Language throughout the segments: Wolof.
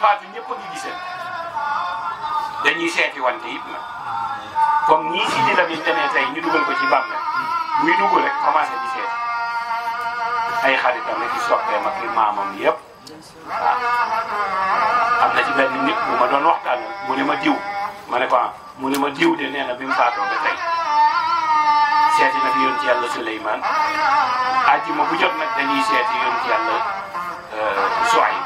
faatu ñëpp a ngi gisee dañuy seeti wante it nag comme nii si di la biñ demee ñu dugal ko ci bàmme muy dugg rek commencé di seeti ay xaritam ak ci soppeem ma i maamam yëpp waaw. am na ci benn nit bu ma doon waxtaan mu ne ma diw ma ne ko ah, mu ne ma diw de nee na bi mu faatoo ba tey seeti na fi yonent yàlla Suleymaan ma bu jot nag dañuy seeti yonent yàlla euh, Suayb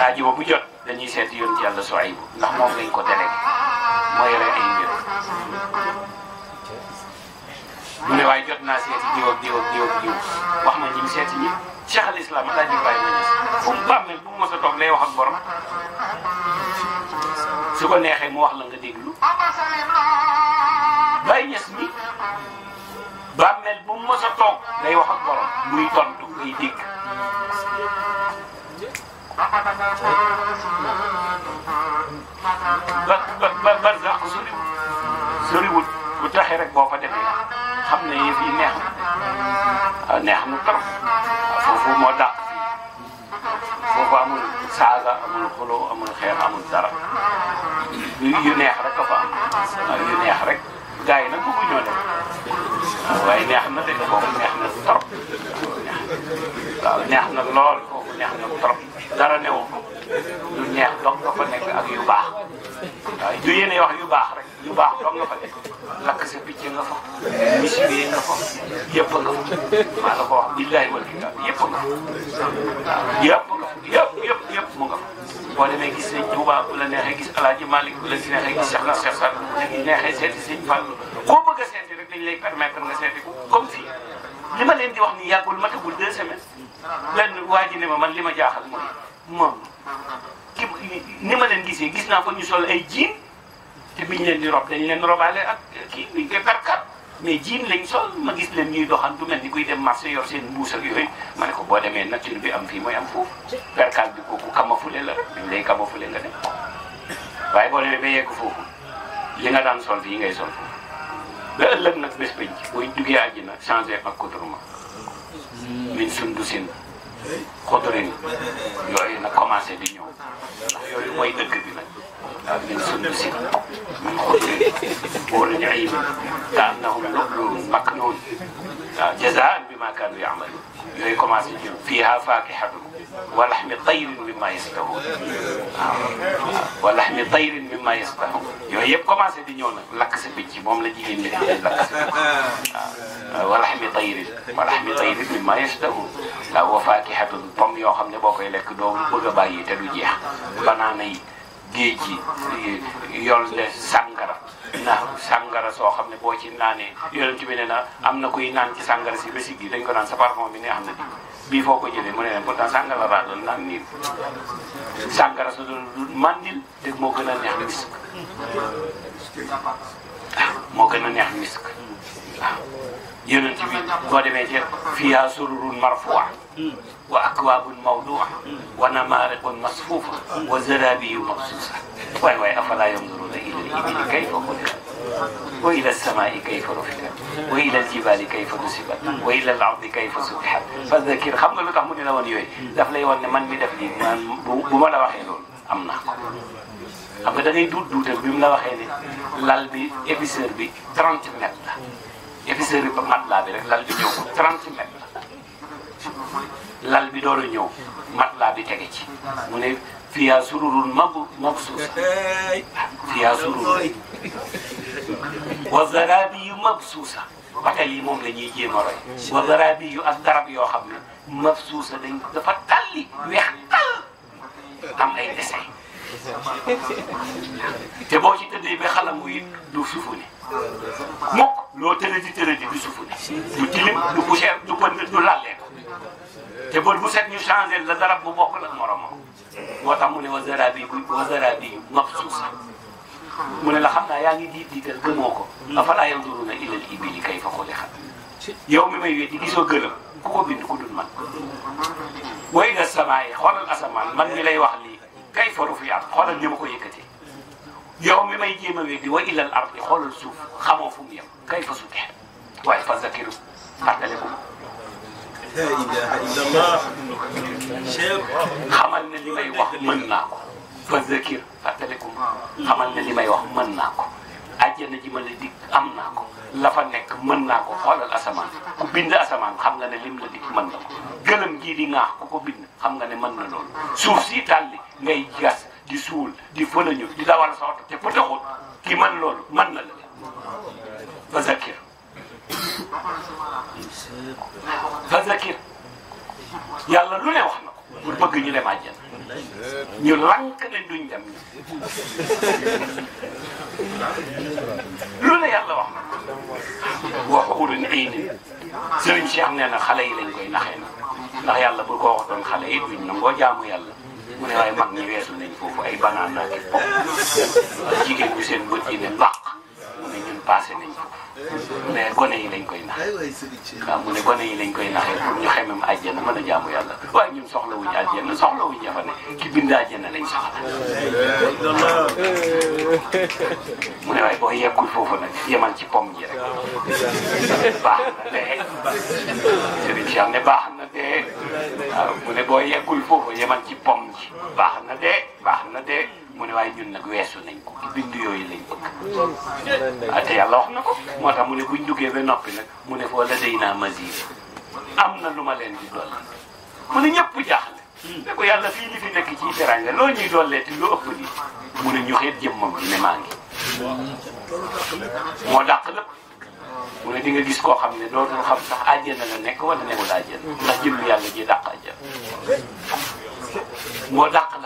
àjjuma bu jot dañuy seet yoon ci yàlla Suwaybu ndax moom lañ ko délégué moo yore ay mbir mu ne waaye jot naa seeti diw ak diw ak diw ak diw wax ma ñi mu seeti ñi Cheikh al Islam El Hadj Ibrahima Niass fu mu bàmmeel bu mu mos a toog lay wax ak borom su ko neexee mu wax la nga déglu Baye Niass mi bàmmeel bu mu mos a toog lay wax ak borom muy tontu ngay dégg. lan lan lan lan ndax ko soriwul soriwul bu taxee rek boo ko defee xam ne yëf yi neex na ah, neex na trop foofu moo dàq foofu amul saaga amul xoloo amul xeex amul dara yu neex rek a fa am ah, yu neex rek gars yi nag bëggu ñoo def ah, waaye neex na de boobu neex na trop waaw neex na lool. neex na trop dara newoo ko lu neex dong nga fa nekk ak yu baax waaye du yu baax rek yu baax dong nga fa nekk lakk sa picc nga fa misibee nga fa yëpp nga fa maa la ko wax billahi wal kitaab yëpp nga fa waaw yëpp nga fa yëpp yëpp yëpp mu nga fa boo demee gis sëñ Touba bu la neexee gis El Hadj Malick bu la si neexee a seeti rek dañ nga seeti ko comme fii ma leen di wax nii yàggul matagul deux semaines. benn waa ji ne ma man li ma jaaxal mooy moom ki ni ma leen gisee gis naa ko ñu sol ay jiin te biñ leen di rob dañ leen robaale ak kii biñ koy karkar mais sol ma gis leen ñuy dox doxan du mel ni kuy dem marché yor seen mbuus ak yooyu ma ne ko boo demee nature bi am fi mooy am foofu percal bi a kamafule la rek dañ lay kamafule nga dem waaye boo demee ba yegg foofu li nga daan sol fii ngay sol foofu ba ëllëg nag bés bañ ci booy duggee àjjina changé ak accoutrement min sun du sin xodorin yooyu na commencé di ñëw ndax yooyu mooy dëkk bi nag waaw min sun du sin min xodorin wóolu ñu ay ka annahum lu maknuun waaw jazaan bi ma kaanu ya'maluun yooyu commencé di ñëw fiihaa faakihatun wa laxmi tayrin mimma yashtahun waaw wa laxmi tayrin mimma yashtahun yooyu yëpp commencé di ñëw nag lakk sa picc moom la jigéen ñi di lakk sa picc waaw wa laxmi tayrin wa laxmi tayrin mimma yashtahun waaw wa faakixatun pomme yoo xam ne boo koy lekk doo bëgg a bàyyi te du jeex banaana yi géej gi yor le sàngara sàngara soo xam ne boo ci naanee yonent bi ne na am na kuy naan ci sàngara si ba gi dañ ko naan sa parfum bi ne am na di bii foo ko jëlee mu ne leen pourtant sàngara laa doon naan niir sàngara sa doon mandil moo gën a neex misk moo gën a neex misk waaw yonent boo demee ci fiyaa sururun marfuwa wa akwaabun mawduwa wa namaariqun masfuufa wa zarabiyu mabsuusa waay waay afalaa yanzuruna ilal ibili kayfa xuliqat وإلى السماء كيف رفعت وإلى الجبال كيف نصبت وإلى الأرض كيف سطحت فذكر xam nga lu tax mu ne la woon yooyu daf lay woon ne man mi def lii bu ma la waxee loolu am naa ko xam nga da ngay duut duutal bi mu la waxee ne lal bi épaisseur bi trent mètres la épaisseur bi ba matelas bi rek lal bi ñëw 30 mètres la lal bi door a ñëw matelas bi tege ci mu ne fiyaa sururun mabsuusa fiyaa sururun wa zaraabiyu mabsuusa ba tey lii moom la ñuy jéem a roy wa zaraabiyu ak garab yoo xam ne mabsuusa dañ dafa talli weex tal am ay dessin te boo ci tëddee ba xalamu it du suufu ne mukk loo tëradi tëradi du suufu ne du tilim du poussière du pënd du lallee ko te bët bu set ñu changé la garab bu bokk la moromam moo tax mu ne wa zarabi bu wa ne la xam naa yaa ngi diit diital gëmoo ko afalaa yanzuruna ilal ibili kayfa xuliqat yow mi may wéet di gisoo gëlëm ku ko bind ku dul man wa ila samaay xoolal asamaan man mi lay wax lii kayfa rufiat xoolal ñi ma ko yëkkatee yow mi may jéem a weddi wa ilal ardi xoolal suuf xamoo fu mu yem kayfa sutihat waaye fa zakiru fàttale ko ma xamal na li wax mën naa ko fa zakir fàttaliku xamal ne li may wax mën naa ko àjjana ji ma la dig am naa ko la fa nekk mën naa ko xoolal asamaan ku bind asamaan xam nga ne lim la dig mën na ko gëlëm gii di ŋaax ku ko bind xam nga ne mën na loolu suuf si tàlli ngay gas di suul di fëlañu di dawal soot te pëtaxut ki mën loolu mën na la fa zakir fa zakir yàlla lu ne wax na ko bëgg ñu dem àjjana ñu lànk ne duñ dem lu ne yàlla wax wax xurin ay nit sëriñ Cheikh nee na xale yi lañ koy naxee na ndax yàlla bu ko wax doon xale yi duñ nangoo jaamu yàlla mu ne waaye mag ñi weesu nañ foofu ay banaan ak i pop jigéen ñu seen bët yi ne làq mu ne ñun passé nañ foofu mais gone yi lañ koy nax xam mu ne gone yi lañ koy naxee pour ñu xemem àjjana mën a jaamu yàlla waaye ñun soxlawuñu àjjana soxlawuñu ña fa ne ki bind àjjana lañ soxla mu ne waaye boo yeggul foofu nag yemal ci pom ji rek baax na dee Serigne Cheikh ne baax na dee waaw mu ne boo yeggul foofu yemal ci pom ji baax na dee baax na dee mu ne waaye ñun nag weesu nañ ko bind yooyu lañ bëgg. Ah, na ko moo tax mu ne buñ duggee ba noppi nag mu ne foo la day naa masir am na lu ma leen di dolli mu ne ñëpp jaaxle. Hmm. ne ko yàlla fii li fi nekk ci teranga loo ñuy dollee te lu ëpp nii mu ne ñu xeet jëmmam ne maa ngi. moo dàq lépp mu ne nga gis koo xam ne dootul xam sax àjjana la nekk wala nekkul àjjana ndax jëmm yàlla ji dàq àjjana moo dàq.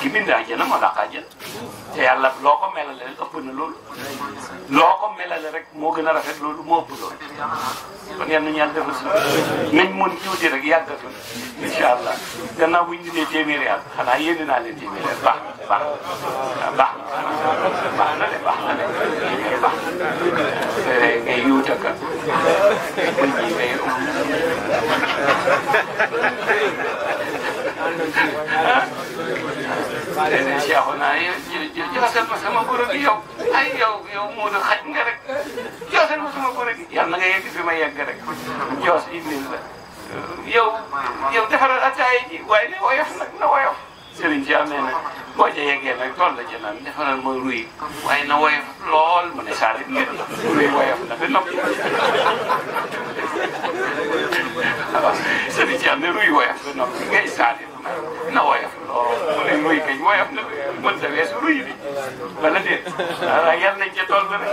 ki bind àjjana moo dàq àjjana yàlla loo ko melale rek ëpp na loo ko melale rek moo gën a rafet loolu moo ëpp loolu kon yan nañu yàlla defal si nañ mën tuuti rek yàggatul incha allah gannaaw bu ñu dindee téeméeri at xanaa yéene naa leen téeméeri at baax na baax na ah, baax na baax na de baax na de baax na ngay yuut ah déedéet Cheikh naa yéen joxasal ma sama góor gi yow ay yow yow moo doon xaj nga rek joxasal ma sama góor gi yàlla na nga yegg fi ma yegg rek jox Iblis la yow yow defaral ataay ji waaye ne woyof nag na woyof. Serigne Cheikh nee na boo ca yeggee nag tool la ca naan defaral ma ruy waaye na woyof lool mu ne Saalum ngeen ruy woyof na ba noppi. sëriñ Cheikh ne ruy na woyof lool mu ne ruy kañ woyof na mën ta weesu ruy bi wala ya wala yar nañ ca tool ba nag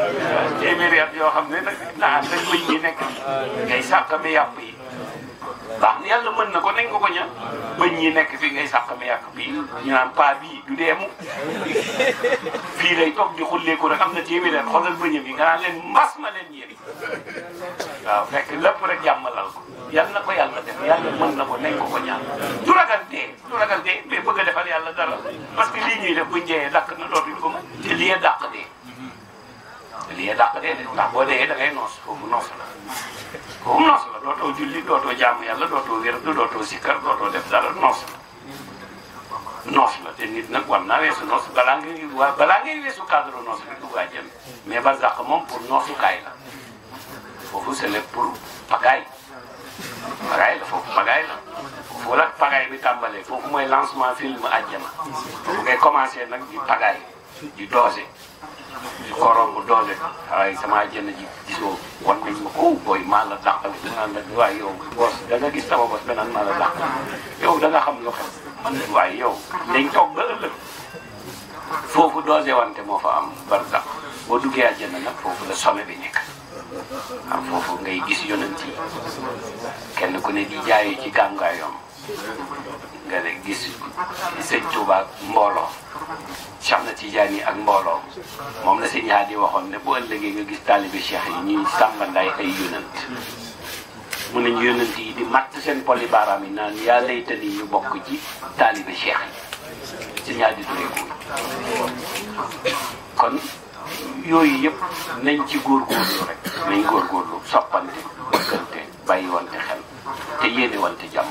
téeméeri at yoo xam ne nag naa rek nekk ngay sàqami yàpp yi baax na yàlla na ko nañ ko ko ñaan bañ ñi nekk fii ngay sàqami yàq bii ñu naan paa bii du deemu fii lay toog di xulleeku rek am na téeméeri at xoolal bëñëm yi nga naan leen mbas ma leen yéen waaw fekk lépp rek jàmm yàlla na ko yàlla def yàlla mën na ko nañ ko ko ñaan du ragal dee du ragal dee mais bëgg a defal yàlla dara parce que lii ñuy def bu ñu dee dàq na dootuñu ko mën te lii yee dàq dee te lii yee dàq dee ndax boo dee da ngay noos kooku noos la kooku noos la dootoo julli dootoo jaamu yàlla dootoo wér dootoo sikkar dootoo def dara noos la noos la te nit nag war naa weesu noos balaa ngay waa balaa ngay weesu cadre noos bi dugg àjjana mais barzaq moom pour noosukaay la foofu c'est pour pagaille la foofu pagaille la foofu la pagaille bi tàmbalee foofu mooy lancement film àjjana foofu ngay commencé nag di pagaille di doose di korom bu doose waaye sama àjjana ji gisoo wan nañ ko oh, maa la dàqal danaan la waaye yow gis sama bos beneen maa la nga xam lu xew yow dañ toog ba ëllëg wante moo fa am bar dàq boo duggee àjjana nag foofu la somme bi nekk am foofu ngay gis yonent yi kenn ku ne di jaayu ci gàngaayam nga ne gis sëñ Touba mbooloo Cheikh na Tidiane ak mbooloo moom la ñaar di waxoon ne bu ëllëgee nga gis taalibi cheikh yi ñuy sàmbandaay ay yonent mu ne ñu yonent yi di matt seen poli baaraam yi naan yaa laytani ñu bokk ci taalibi cheikh yi sëñ Hadi tureeku kon yooyu yëpp nañ ci góor góorgóorlu rek nañ góorgóorlu soppante bëggante bàyyiwante xel te yéenewante jàmm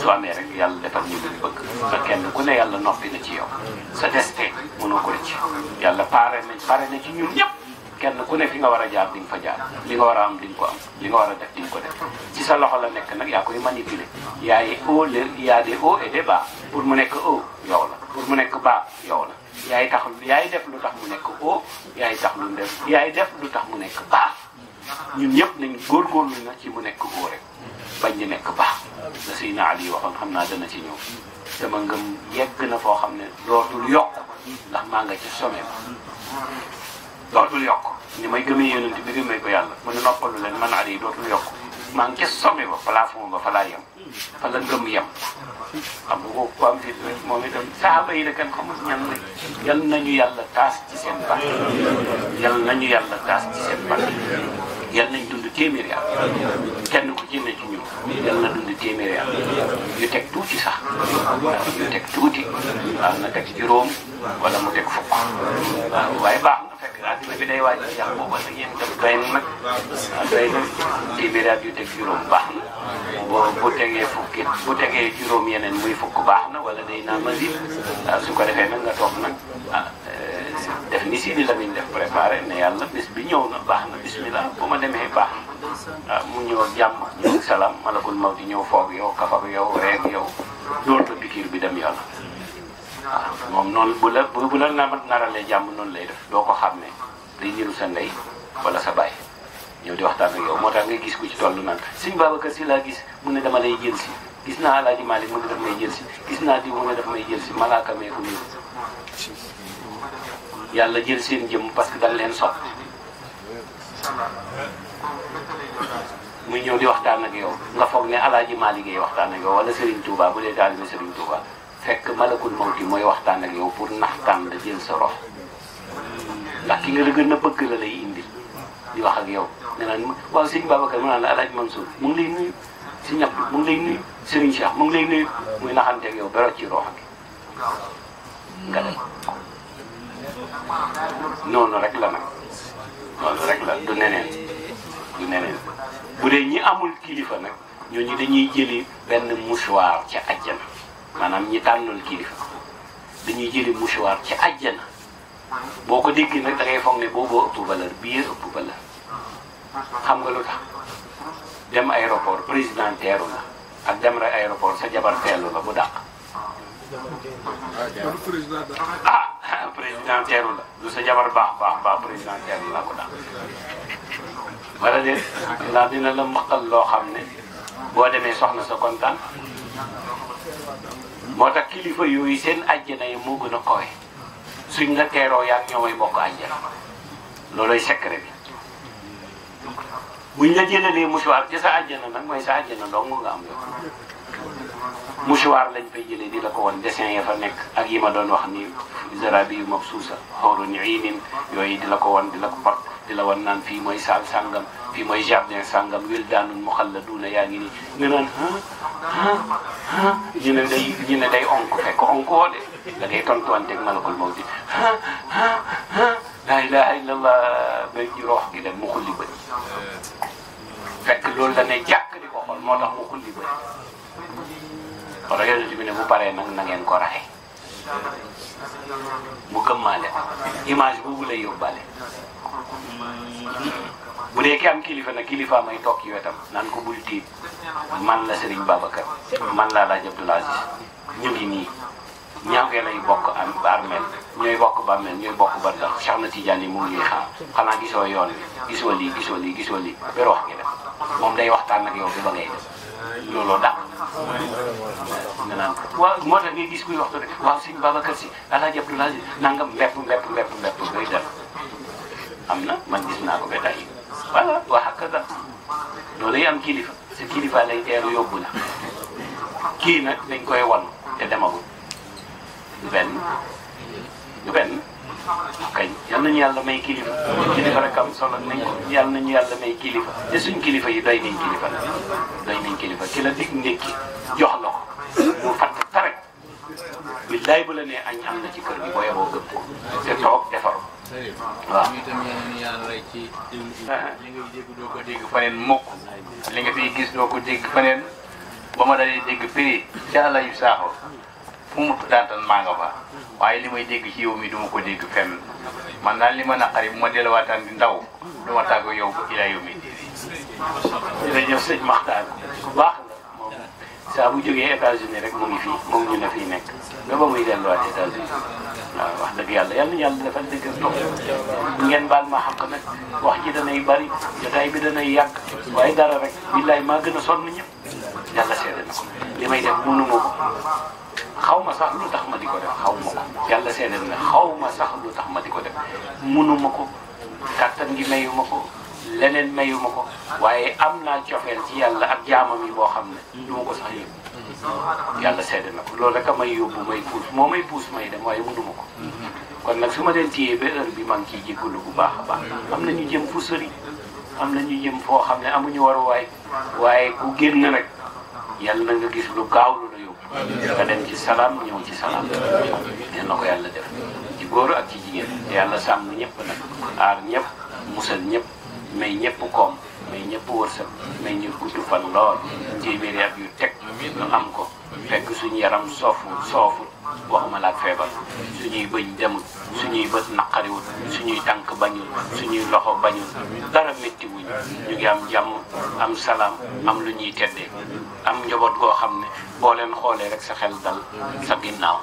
su amee rek yàlla defal ñu luñ bëgg sa kenn ku ne yàlla noppi na ci yow sa destin mënoo ko ci yàlla pare na pare na ci ñun ñëpp kenn ku ne fi nga war a jaar di fa jaar li nga war a am di nga ko li nga war a def di nga ko def ci sa loxo la nekk nag yaa koy manipuler yaay au le yaa des hauts et des pour mu nekk haut yow la pour mu nekk bas yow la yaay tax yaay def lu tax mu nekk o yaay tax lu def yaay def lu tax mu nekk baax ñun ñëpp nañ góorgóorlu na ci mu nekk o rek bañ ñu nekk baax la Seydina Ali waxoon xam naa dana ci ñëw sama ngëm yegg na foo xam ne dootul yokk ndax maa nga ci sommet ba dootul yokk ni may gëmee yonent bi gëmee ko yàlla mu ne noppalu leen man Ali dootul yokk maa ngi ci sommet ba plafond ba fa laa yem fa ngëm yem xam nga ko moom itam saaba yi da kenn xamul ñan la yal nañu yàlla taas ci seen barke yal nañu yàlla taas ci seen barke yal nañ dund téeméeri at kenn ku ci ne ci ñun yal na dund téeméeri at yu teg tuuti sax yu teg tuuti waaw na teg juróom wala mu teg fukk waaw àddina bi day waaj a jeex boobu nag yéen itam na nag doy na téeméeri at yu teg baax na bu bu tegee fukki bu tegee juróom yeneen muy fukk baax na wala day naan ma zip ah, su ko defee nag nga toog nag ah, eh, def ni si la ñu def préparé ne yàlla bis bi ñëw na baax na bismillah bu ma demee baax na ah, mu ñëw ak jàmm ñëw ak salaam maw di ñëw foog yow kafak yow reeg yow dóor pikir bi dem yoon waaw moom noonu bu la bu la namat naralee jàmm noonu lay def doo ko xam ne day jël sa ndey wala sa baay ñëw di waxtaan ak yow moo tax nga gis ku ci tollu naan suñ laa gis mu ne dama lay jël si naa Alaaji Maalik mu ne daf may gis naa diw mu ne daf may jël si malaaka mee yàlla jël seen jëm parce que dañ leen sopp muy di waxtaan ak yow nga foog ne Alaaji Maalik ngay waxtaan ak yow wala Serigne Touba bu dee taalibe Serigne Touba fekk malakul mawti mooy waxtaan ak yow pour naxtaan la jël sa rox ndax ki nga la gën a bëgg la lay indil di wax ak yow nga naan waaw sëñ Babacar mu naan la El mu ngi lay nuyu si ñàpp mu lay nuyu Serigne Cheikh mu lay nuyu muy naxante yow ba ci rox gi nga noonu rek la nag noonu rek la du neneen du neneen bu ñi amul kilifa nag ñooñu dañuy jëli benn mouchoir ca àjjana maanaam ñi tànnal kilifa dañuy jëli mouchoir ci àjjana boo ko déggee nag da ngay foog ne booboo ëpp valeur ëpp valeur xam nga lu tax dem aéroport président teeru ak dem rek aéroport sa jabar teelu bu dàq. Ah, la sa jabar baax baax baax président teeru la ko dàq. wala de ndax dina la maqal loo xam ne boo demee soxna sa kontaan. moo tax kilifa yooyu seen àjjana yi moo gën a kowe suñ la teeroo yaa ngi ñoomay bokk àjjana looloy secret bi buñ la jëlalee mouchoir ci sa àjjana nag mooy sa àjjana dong nga am yow mouchoir lañ fay jëlee di la ko wan dessin ya fa nekk ak yi ma doon wax ni zarabi yu mabsuusa xawru ni yooyu di la ko wan di la ko pat di la wan naan fii mooy saal sàngam bi mooy jardin sangam wil daanun mu xal yaa ngi nii nga naan ah ñu ne day ñu fekk onk woo de da ngay tontuwanteeg malakul mawti ah ah ah laa ilaha illallah ba ñu roox dem mu xulli bëri fekk loolu la ne di ko xool moo tax mu xulli bëri wala yonent bi ne bu paree nag na ngeen ko raxe mu gëmmaale image boobu lay yóbbaale. bu dee ki am kilifa nag kilifa may toog ci wetam naan ko bul tiit man la Serigne Babacar man la laa laaj Abdoul Aziz ñu ngi nii ñaange lay bokk am armel ñooy bokk bàmmeel ñooy bokk barsax Cheikh na Tidiane mu ngi xaar xanaa gisoo yoon wi gisoo lii gisoo lii gisoo lii ba wax gi def moom day waxtaan ak yow bi ba ngay def looloo dàq. nga naan waaw moo tax ngay gis kuy waxtu rek waaw sëñ Babacar si El mbepp mbepp mbepp mbepp ngay am na man gis naa ko ba tey voilà wa hakaza loolu am kilifa sa kilifa lay teeru yóbbu la kii nag dañ koy wan te demagul du benn du benn kañ yal nañu yàlla may kilifa kilifa rek am solo nañ yàlla may kilifa te suñ kilifa yi doy nañ kilifa doy nañ kilifa ki la dig ndékki jox la ko mu fatt tarek billaay bu la nee añ am na ci kër gi boo yeboo gëm te toog defar sëriñ waaw ñu itam yeneen ah. li ngay dégg doo ko dégg faneen mukk li nga fiy gis doo ko dégg faneen ba ma dalee dégg prix ca àll yu saaxoo fu mu daantan maa nga fa waaye li may dégg ci yow mi duma ko dégg fenn man daal li ma naqari bu ma delluwaataan di ndaw du ma yow ba ilaa yow mi diiri. jërëjëf sëñ Maxtaar ku baax la saa bu jógee États-Unis rek mu ngi fii moom ñu ne fii nekk ba ba muy delluwaat États-Unis. waaw wax dëgg yàlla yal na yàlla defal dëgg ak toog ngeen baal ma xam ko nag wax ji danay bari jotaay bi danay yàgg waaye dara rek billaay maa gën a sonn ñëpp yàlla seede na ko li may def mu ma ko xaw ma sax lu tax ma di ko def xaw ma yàlla seede na xaw ma sax lu tax ma di ko def ko kàttan gi mayu ma ko leneen mayuma ko waaye am naa cofeel ci yàlla ak jaamam yi boo xam ne du ma ko sax yóbbu yàlla sedd na ko loolu rek a may yóbbu may puus moo may puus may dem waaye mënu ko kon nag su ma leen téyee ba heure bi maa ngi ciy jégalu bu baax a baax am na ñu jëm fu sori am na ñu jëm foo xam ne amuñu waruwaay waaye ku génn rek yàlla na nga gis lu gaaw lu la yóbbu nga dem ci salaam ñëw ci salaam nee na ko yàlla def ci góor ak ci jigéen te yàlla sàmm ñëpp nag aar ñëpp musal ñëpp may ñëpp koom may ñëpp wërsëg may ñu gudd fan lool téeméeri at yu teg ñu am ko fekk suñu yaram soofu soofu waxuma laak feebar suñuy bëñ demul suñuy bët naqariwul suñuy tànk bañul suñuy loxo bañul dara métti wuñ ñu ngi am jàmm am salaam am lu ñuy teddee am njaboot goo xam ne boo leen xoolee rek sa xel dal sa ginnaaw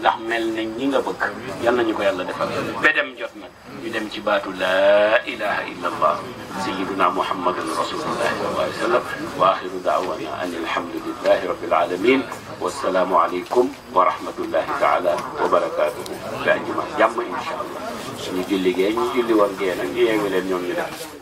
ndax mel nañ ñi nga bëgg yal nañu ko yàlla defal bedem jot na ñu dem ci baatu laa ilaha illa allah sayiduna muhammadan rasulullahi sallallahu alayhi wa sallam wa axiru daawana an alhamdulillahi rabbil alamin wasalaamu aleykum wa rahmatullahi taala wa barakatuhu ba ajuma jàmm incha allah suñu julli gee ñu julli war gee nag ñu yeewi leen ñoom ñu def